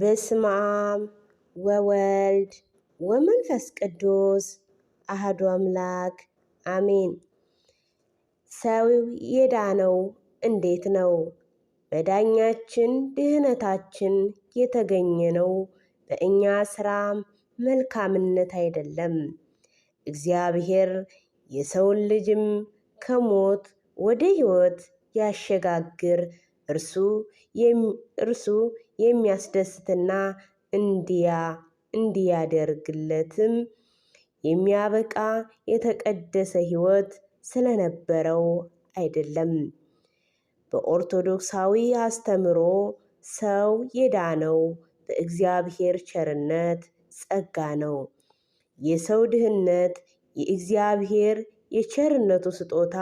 በስመ አብ ወወልድ ወመንፈስ ቅዱስ አህዱ አምላክ አሜን። ሰው የዳነው እንዴት ነው? በዳኛችን ድህነታችን የተገኘ ነው፣ በእኛ ስራ መልካምነት አይደለም። እግዚአብሔር የሰውን ልጅም ከሞት ወደ ሕይወት ያሸጋግር እርሱ የሚያስደስትና እንዲያደርግለትም የሚያበቃ የተቀደሰ ሕይወት ስለነበረው አይደለም። በኦርቶዶክሳዊ አስተምሮ ሰው የዳነው በእግዚአብሔር ቸርነት ጸጋ ነው። የሰው ድህነት የእግዚአብሔር የቸርነቱ ስጦታ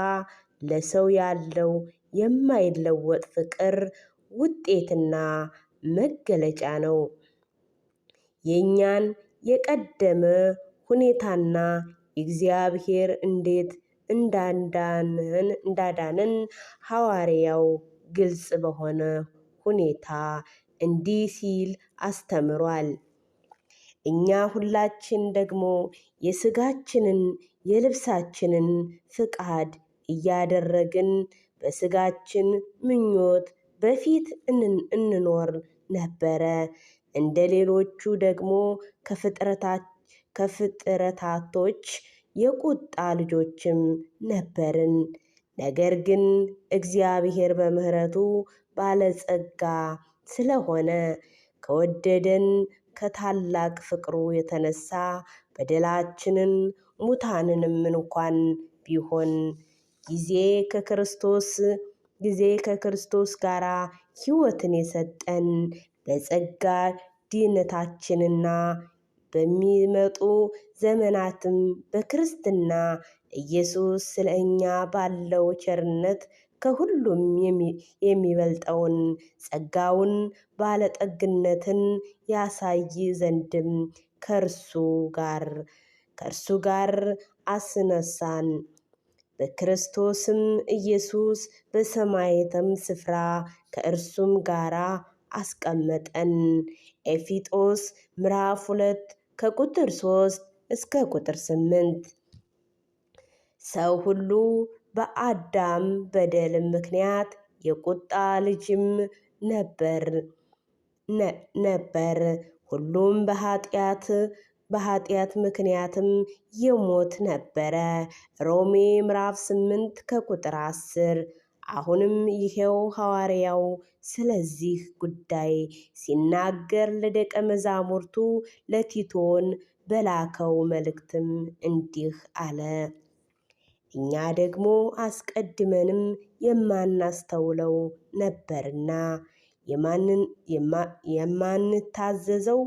ለሰው ያለው የማይለወጥ ፍቅር ውጤትና መገለጫ ነው። የእኛን የቀደመ ሁኔታና እግዚአብሔር እንዴት እንዳዳንን እንዳዳንን ሐዋርያው ግልጽ በሆነ ሁኔታ እንዲህ ሲል አስተምሯል። እኛ ሁላችን ደግሞ የስጋችንን የልብሳችንን ፍቃድ እያደረግን በስጋችን ምኞት በፊት እንኖር ነበረ። እንደ ሌሎቹ ደግሞ ከፍጥረታቶች የቁጣ ልጆችም ነበርን። ነገር ግን እግዚአብሔር በምሕረቱ ባለጸጋ ስለሆነ ከወደደን ከታላቅ ፍቅሩ የተነሳ በደላችንን ሙታንንም እንኳን ቢሆን ጊዜ ከክርስቶስ ጊዜ ከክርስቶስ ጋራ ሕይወትን የሰጠን በጸጋ ድህነታችንና በሚመጡ ዘመናትም በክርስትና ኢየሱስ ስለ እኛ ባለው ቸርነት ከሁሉም የሚበልጠውን ጸጋውን ባለጠግነትን ያሳይ ዘንድም ከእርሱ ጋር ከእርሱ ጋር አስነሳን በክርስቶስም ኢየሱስ በሰማያዊም ስፍራ ከእርሱም ጋር አስቀመጠን። ኤፊጦስ ምዕራፍ ሁለት ከቁጥር ሶስት እስከ ቁጥር ስምንት ሰው ሁሉ በአዳም በደል ምክንያት የቁጣ ልጅም ነበር ነበር ሁሉም በኃጢአት በኃጢአት ምክንያትም የሞት ነበረ። ሮሜ ምዕራፍ 8 ከቁጥር 10። አሁንም ይሄው ሐዋርያው ስለዚህ ጉዳይ ሲናገር ለደቀ መዛሙርቱ ለቲቶን በላከው መልእክትም እንዲህ አለ። እኛ ደግሞ አስቀድመንም የማናስተውለው ነበርና የማንታዘዘው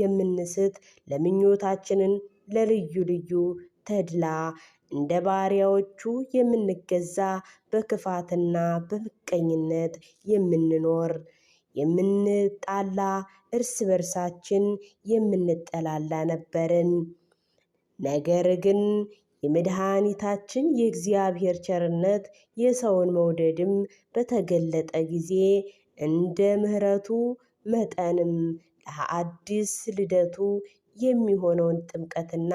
የምንስት ለምኞታችንን ለልዩ ልዩ ተድላ እንደ ባሪያዎቹ የምንገዛ በክፋትና በምቀኝነት የምንኖር የምንጣላ እርስ በርሳችን የምንጠላላ ነበርን። ነገር ግን የመድኃኒታችን የእግዚአብሔር ቸርነት የሰውን መውደድም በተገለጠ ጊዜ እንደ ምሕረቱ መጠንም ለአዲስ ልደቱ የሚሆነውን ጥምቀትና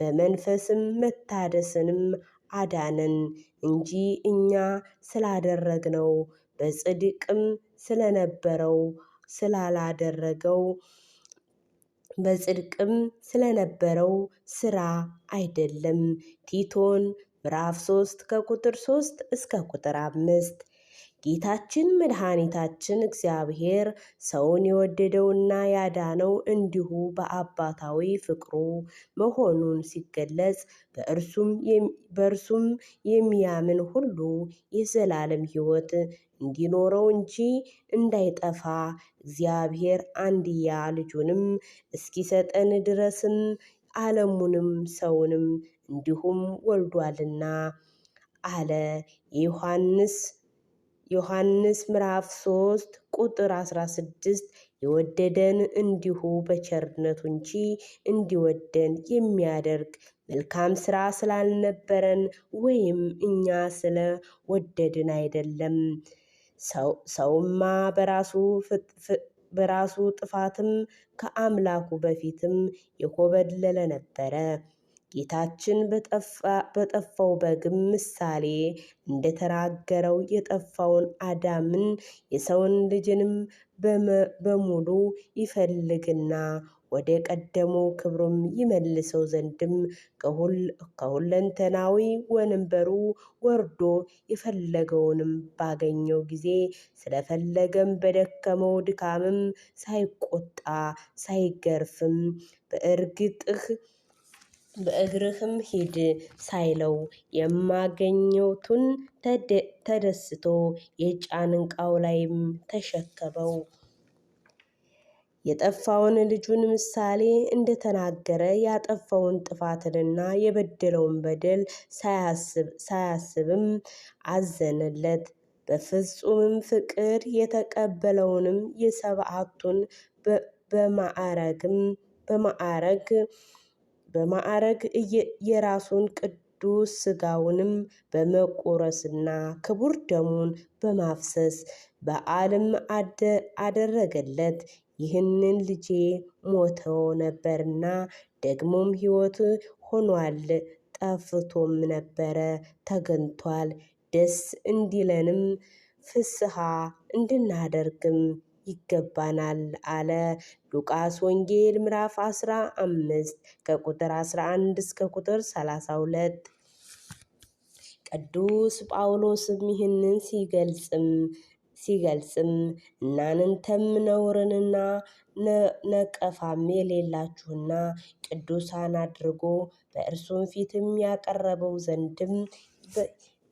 በመንፈስም መታደስንም አዳነን እንጂ እኛ ስላደረግነው በጽድቅም ስለነበረው ስላላደረገው በጽድቅም ስለነበረው ስራ አይደለም። ቲቶን ምዕራፍ 3 ከቁጥር 3 እስከ ቁጥር 5 ጌታችን መድኃኒታችን እግዚአብሔር ሰውን የወደደውና ያዳነው እንዲሁ በአባታዊ ፍቅሩ መሆኑን ሲገለጽ በእርሱም የሚያምን ሁሉ የዘላለም ሕይወት እንዲኖረው እንጂ እንዳይጠፋ እግዚአብሔር አንድያ ልጁንም እስኪሰጠን ድረስም ዓለሙንም ሰውንም እንዲሁም ወልዷልና አለ የዮሐንስ ዮሐንስ ምዕራፍ 3 ቁጥር 16 የወደደን እንዲሁ በቸርነቱ እንጂ እንዲወደን የሚያደርግ መልካም ስራ ስላልነበረን ወይም እኛ ስለ ወደድን አይደለም። ሰውማ በራሱ በራሱ ጥፋትም ከአምላኩ በፊትም የኮበለለ ነበረ። ጌታችን በጠፋው በግም ምሳሌ እንደተናገረው የጠፋውን አዳምን የሰውን ልጅንም በሙሉ ይፈልግና ወደ ቀደመው ክብሩም ይመልሰው ዘንድም ከሁለንተናዊ ወንበሩ ወርዶ የፈለገውንም ባገኘው ጊዜ ስለፈለገም በደከመው ድካምም ሳይቆጣ ሳይገርፍም በእርግጥህ በእግርህም ሂድ ሳይለው የማገኘቱን ተደስቶ የጫንቃው ላይም ተሸከበው የጠፋውን ልጁን ምሳሌ እንደተናገረ ያጠፋውን ጥፋትንና የበደለውን በደል ሳያስብም አዘነለት። በፍጹምም ፍቅር የተቀበለውንም የሰብዓቱን በማዕረግ በማዕረግ የራሱን ቅዱስ ስጋውንም በመቆረስና ክቡር ደሙን በማፍሰስ በዓልም አደረገለት። ይህንን ልጄ ሞተው ነበርና ደግሞም ሕይወት ሆኗል፣ ጠፍቶም ነበረ ተገኝቷል፣ ደስ እንዲለንም ፍስሐ እንድናደርግም ይገባናል አለ። ሉቃስ ወንጌል ምዕራፍ 15 ከቁጥር 11 እስከ ቁጥር 32። ቅዱስ ጳውሎስም ይህንን ሲገልጽም ሲገልጽም እናንተም ነውርንና ነቀፋም የሌላችሁና ቅዱሳን አድርጎ በእርሱም ፊትም ያቀረበው ዘንድም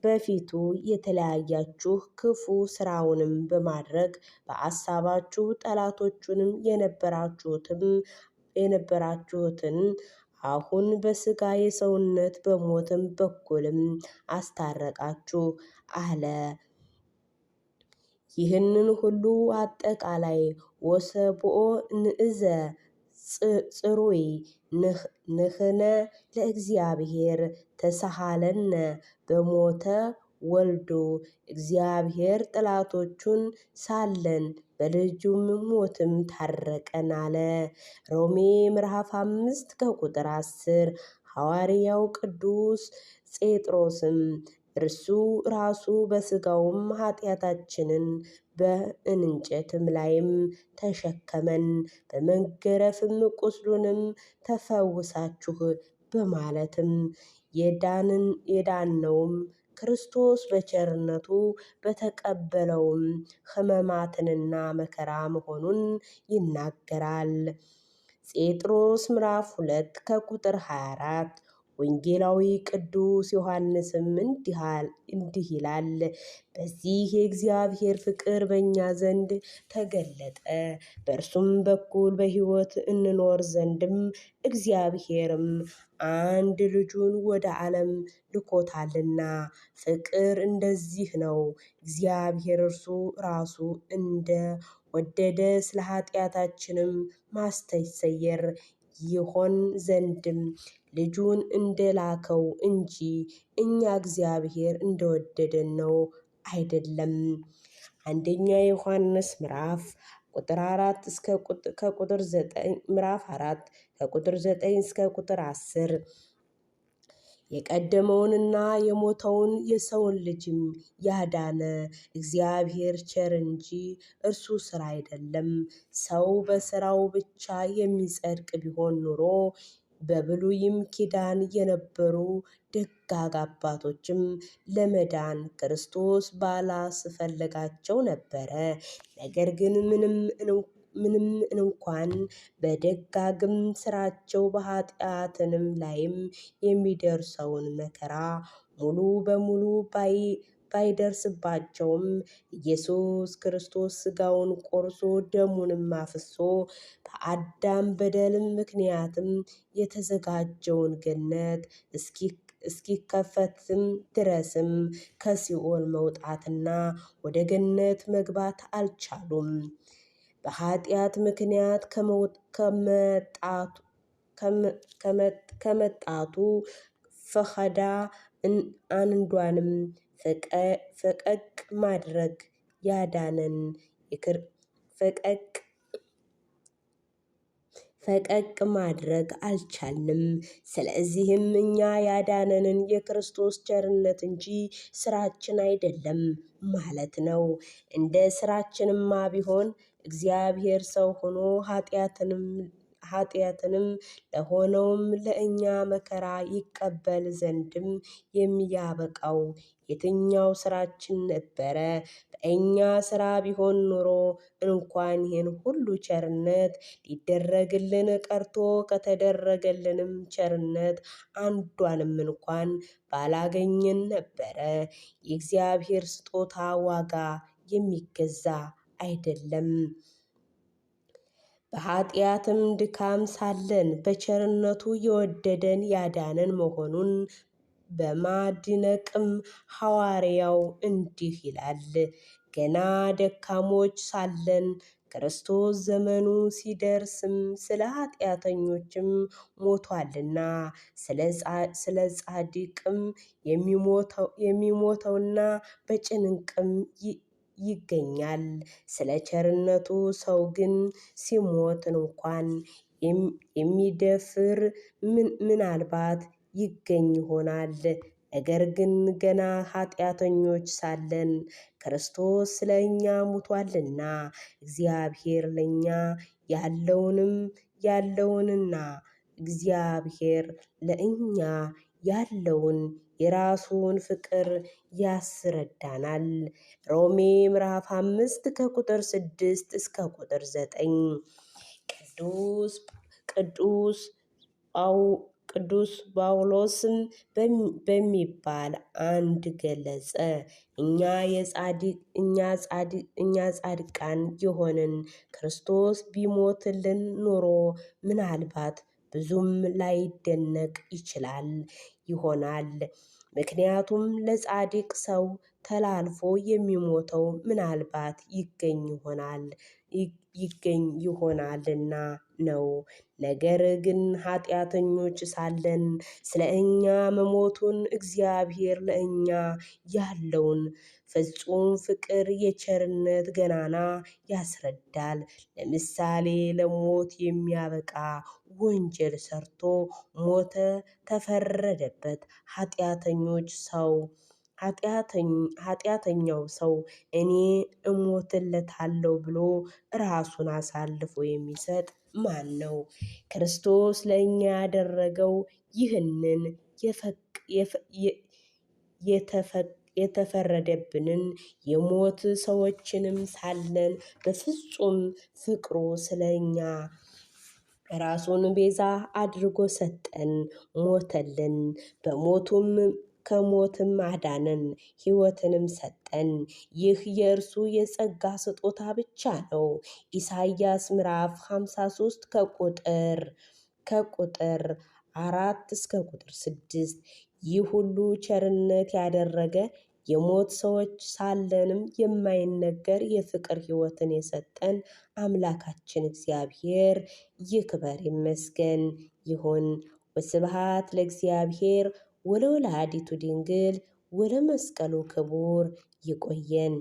በፊቱ የተለያያችሁ ክፉ ስራውንም በማድረግ በአሳባችሁ ጠላቶቹንም የነበራችሁትም የነበራችሁትን አሁን በስጋ የሰውነት በሞትም በኩልም አስታረቃችሁ አለ። ይህንን ሁሉ አጠቃላይ ወሰብኦ ንእዘ ጽሩይ ንህነ ለእግዚአብሔር ተሳሃለነ በሞተ ወልዶ እግዚአብሔር ጠላቶቹን ሳለን በልጁም ሞትም ታረቀን አለ። ሮሜ ምዕራፍ አምስት ከቁጥር አስር ሐዋርያው ቅዱስ ጴጥሮስም እርሱ ራሱ በስጋውም ኃጢአታችንን በእንጨትም ላይም ተሸከመን በመገረፍም ቁስሉንም ተፈውሳችሁ በማለትም የዳንን የዳነውም ክርስቶስ በቸርነቱ በተቀበለውም ህመማትንና መከራ መሆኑን ይናገራል። ጴጥሮስ ምዕራፍ ሁለት ከቁጥር 24 ወንጌላዊ ቅዱስ ዮሐንስም እንዲህ ይላል፣ በዚህ የእግዚአብሔር ፍቅር በእኛ ዘንድ ተገለጠ፣ በእርሱም በኩል በሕይወት እንኖር ዘንድም እግዚአብሔርም አንድ ልጁን ወደ ዓለም ልኮታልና። ፍቅር እንደዚህ ነው፣ እግዚአብሔር እርሱ ራሱ እንደ ወደደ ስለ ኃጢአታችንም ማስተሰየር ይሆን ዘንድም ልጁን እንደላከው እንጂ እኛ እግዚአብሔር እንደወደደን ነው አይደለም። አንደኛ ዮሐንስ ምዕራፍ ቁጥር አራት እስከ ከቁጥር ዘጠኝ ምዕራፍ አራት ከቁጥር ዘጠኝ እስከ ቁጥር አስር የቀደመውንና የሞተውን የሰውን ልጅም ያዳነ እግዚአብሔር ቸር እንጂ እርሱ ስራ አይደለም። ሰው በስራው ብቻ የሚጸድቅ ቢሆን ኑሮ በብሉይም ኪዳን የነበሩ ደጋግ አባቶችም ለመዳን ክርስቶስ ባላስፈለጋቸው ነበረ። ነገር ግን ምንም ምንም እንኳን በደጋግም ስራቸው በኃጢአትንም ላይም የሚደርሰውን መከራ ሙሉ በሙሉ ባይ ባይደርስባቸውም ኢየሱስ ክርስቶስ ስጋውን ቆርሶ ደሙንም አፍሶ በአዳም በደልም ምክንያትም የተዘጋጀውን ገነት እስኪ እስኪከፈትም ድረስም ከሲኦል መውጣትና ወደ ገነት መግባት አልቻሉም። በኃጢአት ምክንያት ከመጣቱ ፈኸዳ አንዷንም ፈቀቅ ማድረግ ያዳነን ፈቀቅ ፈቀቅ ማድረግ አልቻልንም። ስለዚህም እኛ ያዳነንን የክርስቶስ ቸርነት እንጂ ስራችን አይደለም ማለት ነው። እንደ ስራችንማ ቢሆን እግዚአብሔር ሰው ሆኖ ኃጢአትንም ኃጢአትንም ለሆነውም ለእኛ መከራ ይቀበል ዘንድም የሚያበቃው የትኛው ስራችን ነበረ? በእኛ ስራ ቢሆን ኑሮ እንኳን ይህን ሁሉ ቸርነት ሊደረግልን ቀርቶ ከተደረገልንም ቸርነት አንዷንም እንኳን ባላገኘን ነበረ። የእግዚአብሔር ስጦታ ዋጋ የሚገዛ አይደለም። በኃጢአትም ድካም ሳለን በቸርነቱ የወደደን ያዳነን መሆኑን በማድነቅም ሐዋርያው እንዲህ ይላል። ገና ደካሞች ሳለን ክርስቶስ ዘመኑ ሲደርስም ስለ ኃጢአተኞችም ሞቷልና ስለ ጻድቅም የሚሞተውና በጭንቅም ይገኛል። ስለ ቸርነቱ ሰው ግን ሲሞት እንኳን የሚደፍር ምናልባት ይገኝ ይሆናል። ነገር ግን ገና ኃጢአተኞች ሳለን ክርስቶስ ስለ እኛ ሙቷልና እግዚአብሔር ለእኛ ያለውንም ያለውንና እግዚአብሔር ለእኛ ያለውን የራሱን ፍቅር ያስረዳናል። ሮሜ ምዕራፍ አምስት ከቁጥር ስድስት እስከ ቁጥር ዘጠኝ ቅዱስ ቅዱስ ቅዱስ ጳውሎስም በሚባል አንድ ገለጸ። እኛ ጻድቃን የሆንን ክርስቶስ ቢሞትልን ኖሮ ምናልባት ብዙም ላይደነቅ ይችላል ይሆናል። ምክንያቱም ለጻድቅ ሰው ተላልፎ የሚሞተው ምናልባት ይገኝ ይሆናል ይገኝ ይሆናልና ነው። ነገር ግን ኃጢአተኞች ሳለን ስለ እኛ መሞቱን እግዚአብሔር ለእኛ ያለውን ፍጹም ፍቅር የቸርነት ገናና ያስረዳል። ለምሳሌ ለሞት የሚያበቃ ወንጀል ሰርቶ ሞተ፣ ተፈረደበት። ኃጢአተኞች ሰው ኃጢአተኛው ሰው እኔ እሞትለታለሁ ብሎ ራሱን አሳልፎ የሚሰጥ ማን ነው? ክርስቶስ ለእኛ ያደረገው ይህንን የተፈረደብንን የሞት ሰዎችንም ሳለን በፍጹም ፍቅሩ ስለኛ ራሱን ቤዛ አድርጎ ሰጠን ሞተልን። በሞቱም ከሞትም አዳነን፣ ሕይወትንም ሰጠን። ይህ የእርሱ የጸጋ ስጦታ ብቻ ነው። ኢሳይያስ ምዕራፍ 53 ከቁጥር ከቁጥር አራት እስከ ቁጥር ስድስት ይህ ሁሉ ቸርነት ያደረገ የሞት ሰዎች ሳለንም የማይነገር የፍቅር ሕይወትን የሰጠን አምላካችን እግዚአብሔር ይክበር ይመስገን ይሁን። ወስብሐት ለእግዚአብሔር ወላዲቱ ድንግል ወለመስቀሉ ክቡር ይቆየን።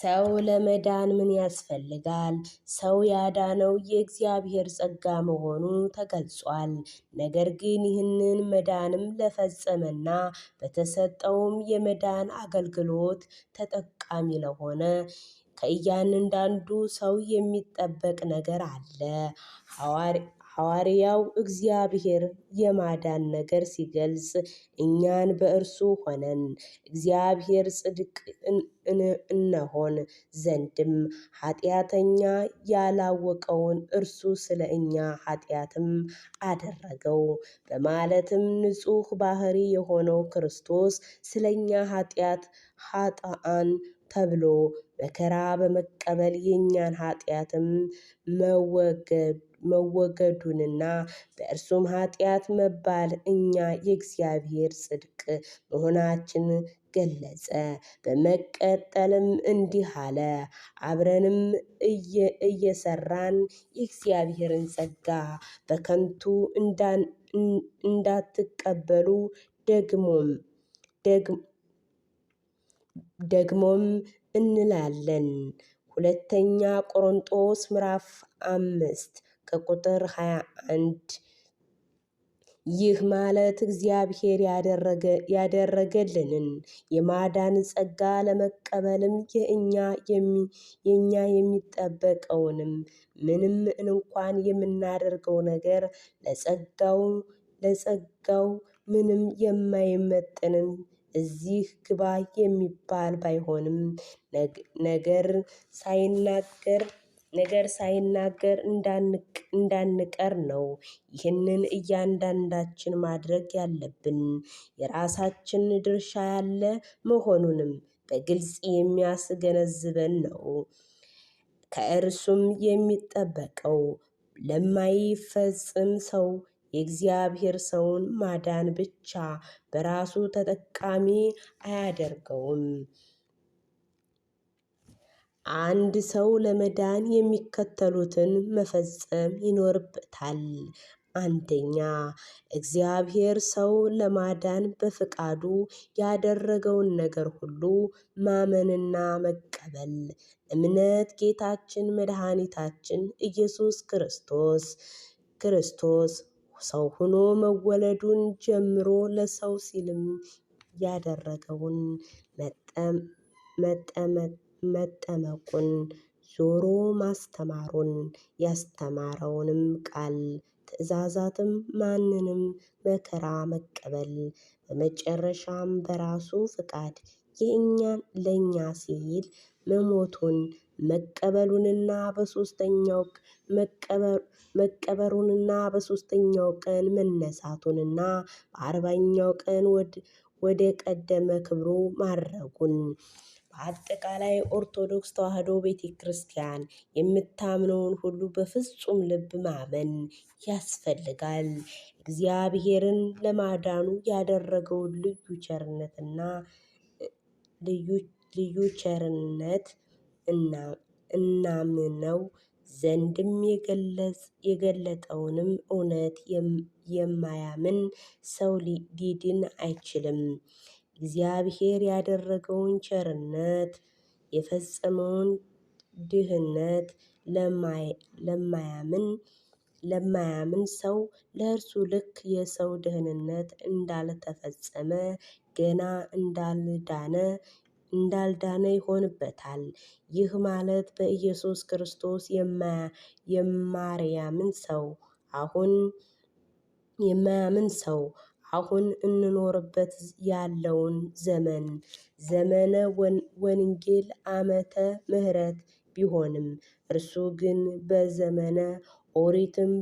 ሰው ለመዳን ምን ያስፈልጋል? ሰው ያዳነው የእግዚአብሔር ጸጋ መሆኑ ተገልጿል። ነገር ግን ይህንን መዳንም ለፈጸመና በተሰጠውም የመዳን አገልግሎት ተጠቃሚ ለሆነ ከእያንዳንዱ ሰው የሚጠበቅ ነገር አለ። ሐዋርያው እግዚአብሔር የማዳን ነገር ሲገልጽ እኛን በእርሱ ሆነን እግዚአብሔር ጽድቅ እነሆን ዘንድም ኃጢአተኛ ያላወቀውን እርሱ ስለ እኛ ኃጢአትም አደረገው በማለትም ንጹሕ ባህሪ የሆነው ክርስቶስ ስለ እኛ ኃጢአት ኃጥአን ተብሎ መከራ በመቀበል የእኛን ኃጢአትም መወገድ መወገዱንና በእርሱም ኃጢአት መባል እኛ የእግዚአብሔር ጽድቅ መሆናችን ገለጸ። በመቀጠልም እንዲህ አለ፣ አብረንም እየሰራን የእግዚአብሔርን ጸጋ በከንቱ እንዳትቀበሉ ደግሞም ደግሞም እንላለን። ሁለተኛ ቆሮንጦስ ምዕራፍ አምስት ከቁጥር 21 ይህ ማለት እግዚአብሔር ያደረገልንን የማዳን ጸጋ ለመቀበልም የእኛ የሚጠበቀውንም ምንም እንኳን የምናደርገው ነገር ለጸጋው ለጸጋው ምንም የማይመጥንም እዚህ ግባ የሚባል ባይሆንም ነገር ሳይናገር ነገር ሳይናገር እንዳንቀር ነው። ይህንን እያንዳንዳችን ማድረግ ያለብን የራሳችን ድርሻ ያለ መሆኑንም በግልጽ የሚያስገነዝበን ነው። ከእርሱም የሚጠበቀው ለማይፈጽም ሰው የእግዚአብሔር ሰውን ማዳን ብቻ በራሱ ተጠቃሚ አያደርገውም። አንድ ሰው ለመዳን የሚከተሉትን መፈጸም ይኖርበታል። አንደኛ፣ እግዚአብሔር ሰው ለማዳን በፈቃዱ ያደረገውን ነገር ሁሉ ማመንና መቀበል። እምነት ጌታችን መድኃኒታችን ኢየሱስ ክርስቶስ ክርስቶስ ሰው ሆኖ መወለዱን ጀምሮ ለሰው ሲልም ያደረገውን መጠመጥ መጠመቁን ዞሮ ማስተማሩን ያስተማረውንም ቃል ትእዛዛትም ማንንም መከራ መቀበል በመጨረሻም በራሱ ፍቃድ የእኛን ለእኛ ሲል መሞቱን መቀበሉንና በሶስተኛው መቀበሩንና በሶስተኛው ቀን መነሳቱንና በአርባኛው ቀን ወደ ቀደመ ክብሩ ማረጉን አጠቃላይ ኦርቶዶክስ ተዋሕዶ ቤተ ክርስቲያን የምታምነውን ሁሉ በፍጹም ልብ ማመን ያስፈልጋል። እግዚአብሔርን ለማዳኑ ያደረገውን ልዩ ቸርነትና ልዩ ቸርነት እናምነው ዘንድም የገለጠውንም እውነት የማያምን ሰው ሊድን አይችልም። እግዚአብሔር ያደረገውን ቸርነት የፈጸመውን ድህነት ለማያምን ለማያምን ሰው ለእርሱ ልክ የሰው ደህንነት እንዳልተፈጸመ ገና እንዳልዳነ እንዳልዳነ ይሆንበታል። ይህ ማለት በኢየሱስ ክርስቶስ የማርያምን ሰው አሁን የማያምን ሰው አሁን እንኖርበት ያለውን ዘመን ዘመነ ወንጌል ዓመተ ምሕረት ቢሆንም እርሱ ግን በዘመነ ኦሪትም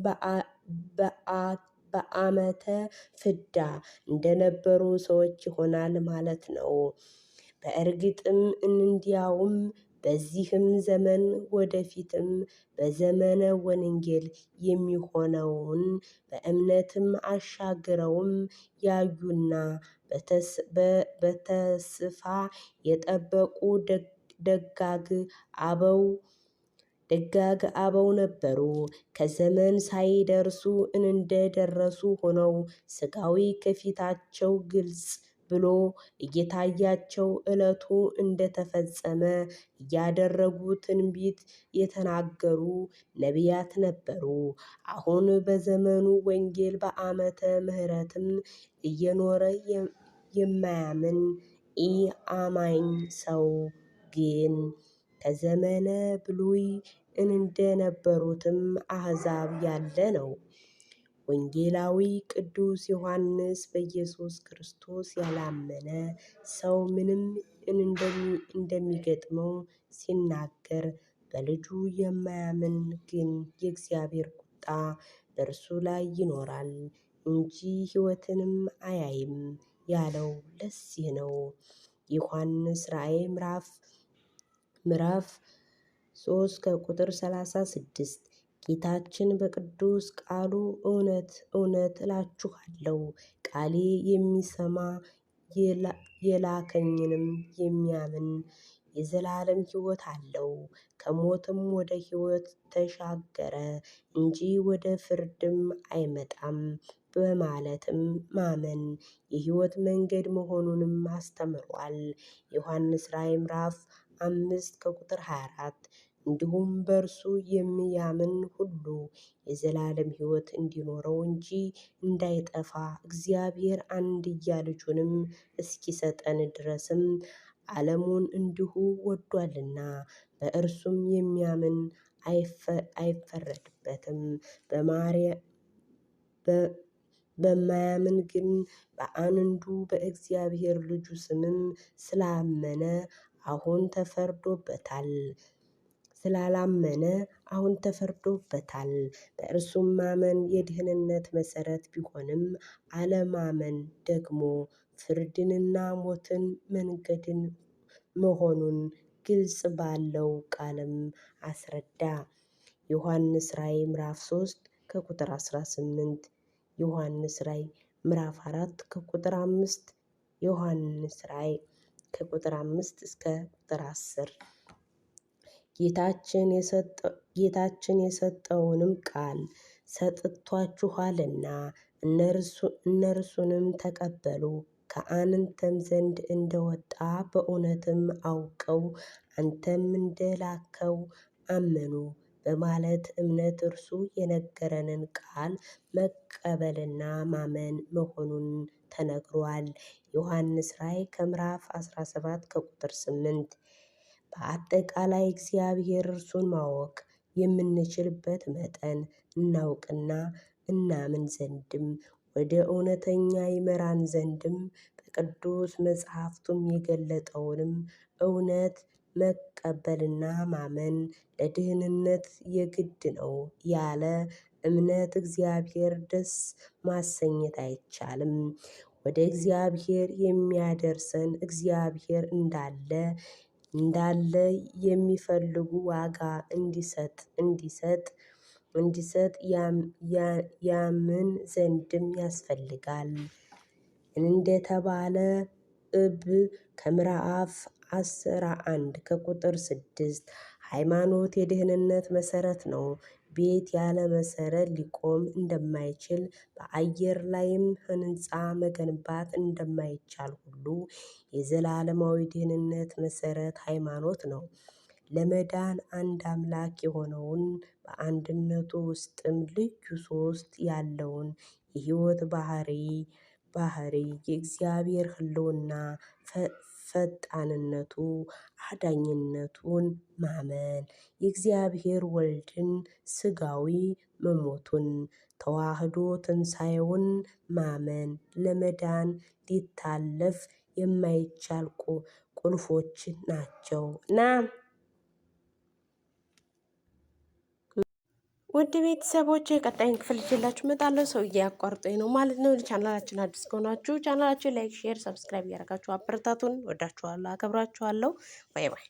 በዓመተ ፍዳ እንደነበሩ ሰዎች ይሆናል ማለት ነው። በእርግጥም እንዲያውም በዚህም ዘመን ወደፊትም በዘመነ ወንጌል የሚሆነውን በእምነትም አሻግረውም ያዩና በተስፋ የጠበቁ ደጋግ አበው ደጋግ አበው ነበሩ። ከዘመን ሳይደርሱ እንደደረሱ ሆነው ስጋዊ ከፊታቸው ግልጽ ብሎ እየታያቸው ዕለቱ እንደተፈጸመ እያደረጉ ትንቢት የተናገሩ ነቢያት ነበሩ። አሁን በዘመኑ ወንጌል በዓመተ ምሕረትም እየኖረ የማያምን ኢ አማኝ ሰው ግን ከዘመነ ብሉይ እንደነበሩትም አሕዛብ ያለ ነው። ወንጌላዊ ቅዱስ ዮሐንስ በኢየሱስ ክርስቶስ ያላመነ ሰው ምንም እንደሚገጥመው ሲናገር፣ በልጁ የማያምን ግን የእግዚአብሔር ቁጣ በእርሱ ላይ ይኖራል እንጂ ሕይወትንም አያይም ያለው ለዚህ ነው። ዮሐንስ ራእይ ምዕራፍ ምዕራፍ 3 ከቁጥር 36 ጌታችን በቅዱስ ቃሉ እውነት እውነት እላችኋለሁ ቃሌ የሚሰማ የላከኝንም የሚያምን የዘላለም ሕይወት አለው፣ ከሞትም ወደ ሕይወት ተሻገረ እንጂ ወደ ፍርድም አይመጣም በማለትም ማመን የሕይወት መንገድ መሆኑንም አስተምሯል። ዮሐንስ ራዕይ ምዕራፍ አምስት ከቁጥር 24 እንዲሁም በእርሱ የሚያምን ሁሉ የዘላለም ሕይወት እንዲኖረው እንጂ እንዳይጠፋ እግዚአብሔር አንድያ ልጁንም እስኪሰጠን ድረስም ዓለሙን እንዲሁ ወዷልና በእርሱም የሚያምን አይፈረድበትም። በማያምን ግን በአንዱ በእግዚአብሔር ልጁ ስምም ስላመነ አሁን ተፈርዶበታል። ስላላመነ አሁን ተፈርዶበታል። በእርሱም ማመን የድህንነት መሰረት ቢሆንም አለማመን ደግሞ ፍርድንና ሞትን መንገድን መሆኑን ግልጽ ባለው ቃልም አስረዳ። ዮሐንስ ራእይ ምዕራፍ 3 ከቁጥር 18፣ ዮሐንስ ራእይ ምዕራፍ 4 ከቁጥር 5፣ ዮሐንስ ራእይ ከቁጥር 5 እስከ ቁጥር 10 ጌታችን የሰጠውንም ቃል ሰጥቷችኋልና እነርሱንም ተቀበሉ። ከአንተም ዘንድ እንደወጣ በእውነትም አውቀው አንተም እንደላከው አመኑ በማለት እምነት እርሱ የነገረንን ቃል መቀበልና ማመን መሆኑን ተነግሯል። ዮሐንስ ራይ ከምዕራፍ 17 ከቁጥር 8 በአጠቃላይ እግዚአብሔር እርሱን ማወቅ የምንችልበት መጠን እናውቅና እናምን ዘንድም ወደ እውነተኛ ይመራን ዘንድም በቅዱስ መጽሐፍቱም የገለጠውንም እውነት መቀበልና ማመን ለድህንነት የግድ ነው። ያለ እምነት እግዚአብሔር ደስ ማሰኘት አይቻልም። ወደ እግዚአብሔር የሚያደርሰን እግዚአብሔር እንዳለ እንዳለ የሚፈልጉ ዋጋ እንዲሰጥ እንዲሰጥ እንዲሰጥ ያምን ዘንድም ያስፈልጋል። እንደተባለ እብ ከምዕራፍ አስራ አንድ ከቁጥር ስድስት ሃይማኖት የደህንነት መሰረት ነው ቤት ያለ መሰረት ሊቆም እንደማይችል በአየር ላይም ህንፃ መገንባት እንደማይቻል ሁሉ የዘላለማዊ ድህንነት መሰረት ሃይማኖት ነው። ለመዳን አንድ አምላክ የሆነውን በአንድነቱ ውስጥም ልዩ ሶስት ያለውን የህይወት ባህሪ ባህሪ የእግዚአብሔር ህልውና ፈጣንነቱ አዳኝነቱን ማመን የእግዚአብሔር ወልድን ስጋዊ መሞቱን ተዋህዶ ትንሣኤውን ማመን ለመዳን ሊታለፍ የማይቻል ቁልፎች ናቸውና ውድ ቤተሰቦች የቀጣይን ክፍል ይችላችሁ መጣለሁ። ሰው ያቋርጠኝ ነው ማለት ነው። ቻናላችን አዲስ ከሆናችሁ ቻናላችን ላይክ፣ ሼር፣ ሰብስክራይብ እያደረጋችሁ አበረታቱን። ወዳችኋለሁ፣ አከብራችኋለሁ። ባይ ባይ